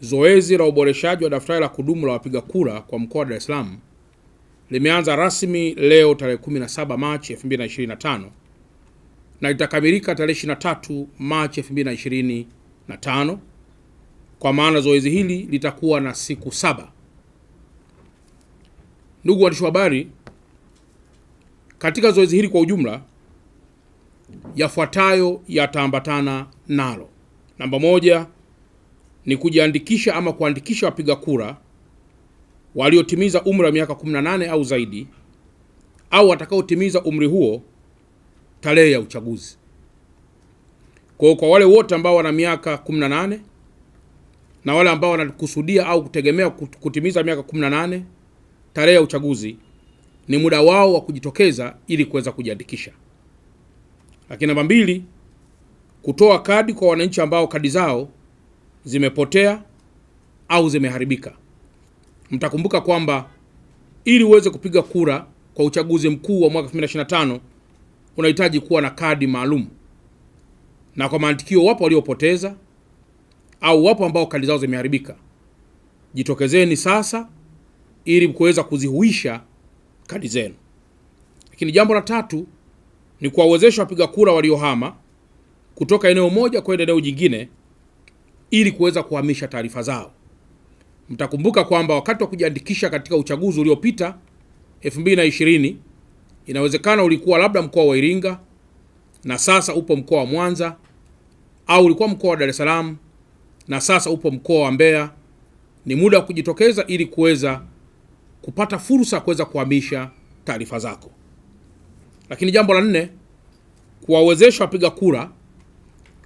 Zoezi la uboreshaji wa daftari la kudumu la wapiga kura kwa mkoa wa Dar es Salaam limeanza rasmi leo tarehe 17 Machi 2025 na litakamilika tarehe 23 Machi 2025. Kwa maana zoezi hili litakuwa na siku saba. Ndugu waandishi wa habari, katika zoezi hili kwa ujumla, yafuatayo yataambatana nalo. Namba moja ni kujiandikisha ama kuandikisha wapiga kura waliotimiza umri wa miaka 18 au zaidi au watakaotimiza umri huo tarehe ya uchaguzi. Kwa kwa wale wote ambao wana miaka 18 na wale ambao wanakusudia au kutegemea kutimiza miaka 18 tarehe ya uchaguzi, ni muda wao wa kujitokeza ili kuweza kujiandikisha. Lakini namba mbili, kutoa kadi kwa wananchi ambao kadi zao zimepotea au zimeharibika. Mtakumbuka kwamba ili uweze kupiga kura kwa uchaguzi mkuu wa mwaka 2025 unahitaji kuwa na kadi maalum, na kwa mantikio, wapo waliopoteza au wapo ambao kadi zao zimeharibika. Jitokezeni sasa ili kuweza kuzihuisha kadi zenu. Lakini jambo la tatu ni kuwawezesha wapiga kura waliohama kutoka eneo moja kwenda eneo jingine ili kuweza kuhamisha taarifa zao. Mtakumbuka kwamba wakati wa kujiandikisha katika uchaguzi uliopita 2020 inawezekana ulikuwa labda mkoa wa Iringa na sasa upo mkoa wa Mwanza, au ulikuwa mkoa wa Dar es Salaam na sasa upo mkoa wa Mbeya. Ni muda wa kujitokeza ili kuweza kupata fursa ya kuweza kuhamisha taarifa zako. Lakini jambo la nne, kuwawezesha wapiga kura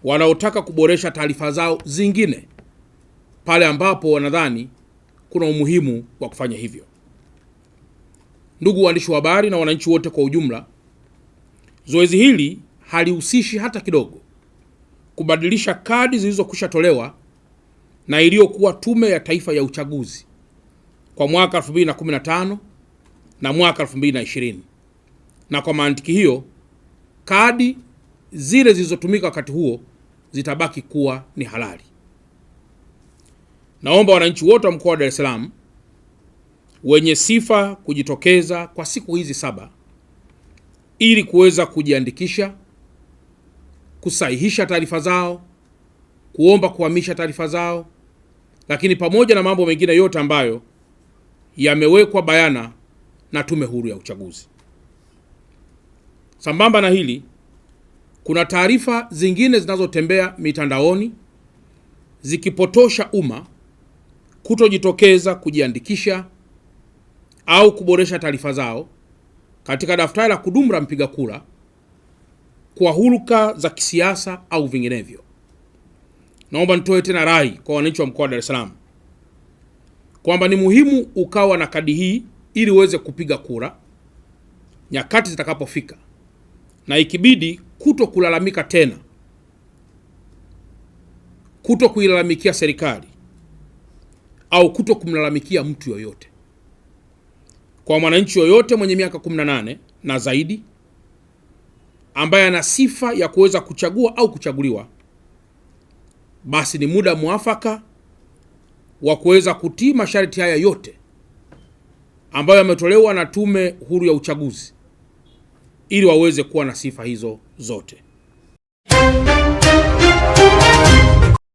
wanaotaka kuboresha taarifa zao zingine pale ambapo wanadhani kuna umuhimu wa kufanya hivyo. Ndugu waandishi wa habari na wananchi wote kwa ujumla, zoezi hili halihusishi hata kidogo kubadilisha kadi zilizokwisha tolewa na iliyokuwa Tume ya Taifa ya Uchaguzi kwa mwaka 215 na mwaka 220 na kwa maandiki hiyo kadi zile zilizotumika wakati huo zitabaki kuwa ni halali. Naomba wananchi wote wa mkoa wa Dar es Salaam wenye sifa kujitokeza kwa siku hizi saba ili kuweza kujiandikisha, kusahihisha taarifa zao, kuomba kuhamisha taarifa zao, lakini pamoja na mambo mengine yote ambayo yamewekwa bayana na Tume Huru ya Uchaguzi. Sambamba na hili kuna taarifa zingine zinazotembea mitandaoni zikipotosha umma kutojitokeza kujiandikisha au kuboresha taarifa zao katika daftari la kudumu la mpiga kura kwa huruka za kisiasa au vinginevyo. Naomba nitoe tena rai kwa wananchi wa mkoa wa Dar es Salaam kwamba ni muhimu ukawa na kadi hii ili uweze kupiga kura nyakati zitakapofika na ikibidi kuto kulalamika tena, kuto kuilalamikia serikali au kuto kumlalamikia mtu yoyote. Kwa mwananchi yoyote mwenye miaka 18 na zaidi ambaye ana sifa ya kuweza kuchagua au kuchaguliwa, basi ni muda mwafaka wa kuweza kutii masharti haya yote ambayo yametolewa na Tume Huru ya Uchaguzi ili waweze kuwa na sifa hizo zote.